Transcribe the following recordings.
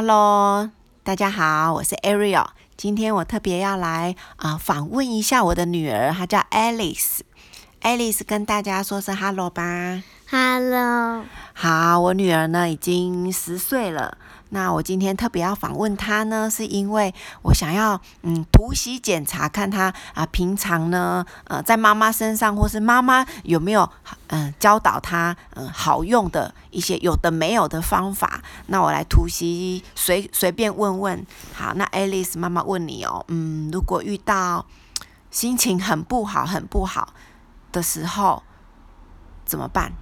Hello，大家好，我是 Ariel。今天我特別要來啊訪、呃、問一下我的女兒，她叫 Alice。Alice 跟大家說聲 Hello 吧。Hello。好，我女兒呢已經十歲了。那我今天特別要訪問他呢，是因為我想要嗯，突襲檢查，看他啊、呃，平常呢，呃，在媽媽身上或是媽媽有沒有嗯、呃、教導他嗯、呃、好用的一些有的沒有的方法。那我來突襲隨隨便問問。好，那 Alice 媽媽問你哦，嗯，如果遇到心情很不好、很不好的時候，怎麼辦？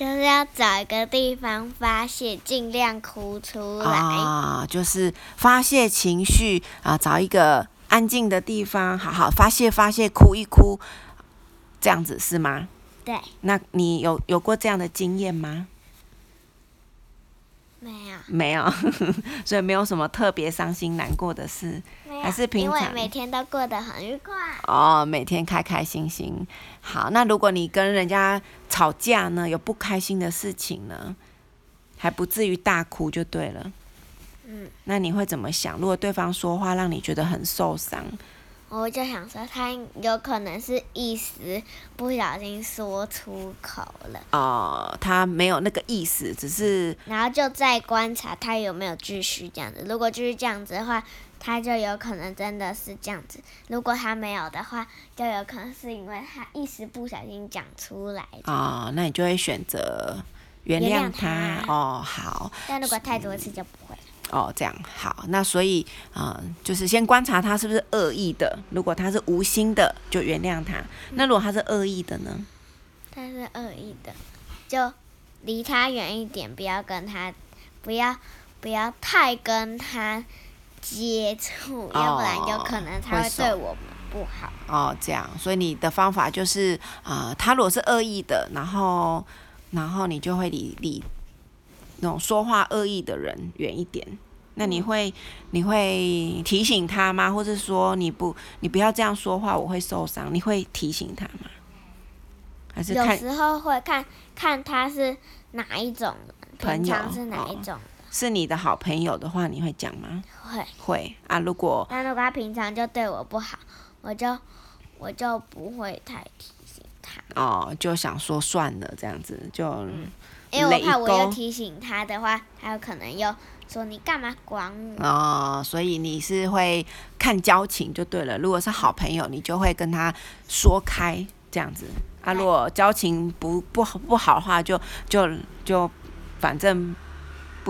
就是要找一個地方發洩，盡量哭出來。啊、哦，就是發洩情緒啊，找一個安靜的地方，好好發洩發洩，哭一哭，這樣子是嗎？對。那你有有過這樣的經驗嗎？沒有。沒有，呵呵，所以沒有什麼特別傷心難過的事。還是平常因為每天都過得很愉快哦，每天開開心心。好，那如果你跟人家吵架呢，有不開心的事情呢，還不至於大哭就對了。嗯。那你會怎麼想？如果對方說話讓你覺得很受傷，我就想說他有可能是一時不小心說出口了。哦，他沒有那個意思，只是。然後就再觀察他有沒有繼續這樣子。如果就是這樣子的話。他就有可能真的是這樣子，如果他沒有的話，就有可能是因為他一時不小心講出來。哦，那你就會選擇原諒他，原諒他哦。好。但如果太多次就不會。嗯、哦，這樣好。那所以，啊、嗯，就是先觀察他是不是惡意的。如果他是無心的，就原諒他。那如果他是惡意的呢？嗯、他是惡意的，就離他遠一點，不要跟他，不要，不要太跟他。接觸，要不然有可能他會對我們不好哦。哦，這樣，所以你的方法就是，啊、呃，他如果是惡意的，然後，然後你就會離離那種說話惡意的人遠一點。那你會你會提醒他嗎？或者說你不你不要這樣說話，我會受傷。你會提醒他嗎？還是有時候會看看他是哪一種，朋友，平常是哪一種。哦是你的好朋友的話，你會講嗎？會會啊，如果那如果他平常就對我不好，我就我就不會太提醒他哦，就想說算了這樣子就，因為我怕我又提醒他的話，他有可能又說你幹嘛管我哦。所以你是會看交情就對了。如果是好朋友，你就會跟他說開這樣子；啊，如果交情不不不不好的話就，就就就反正。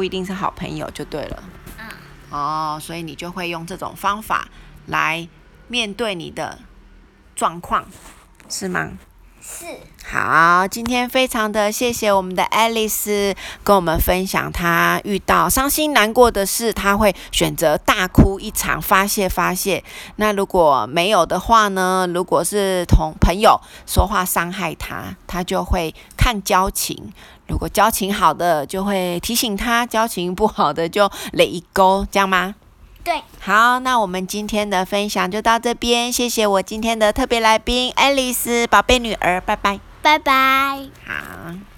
不一定是好朋友就對了，嗯，哦，所以你就會用這種方法來面對你的狀況，是嗎？是，好，今天非常的謝謝我們的愛麗絲跟我們分享，她遇到傷心難過的事，她會選擇大哭一場發洩發洩。那如果沒有的話呢？如果是同朋友說話傷害她，她就會看交情，如果交情好的就會提醒她，交情不好的就雷一勾，這樣嗎？對，好，那我們今天的分享就到這邊，謝謝我今天的特別來賓，愛麗絲，寶貝女兒，拜拜，拜拜，好。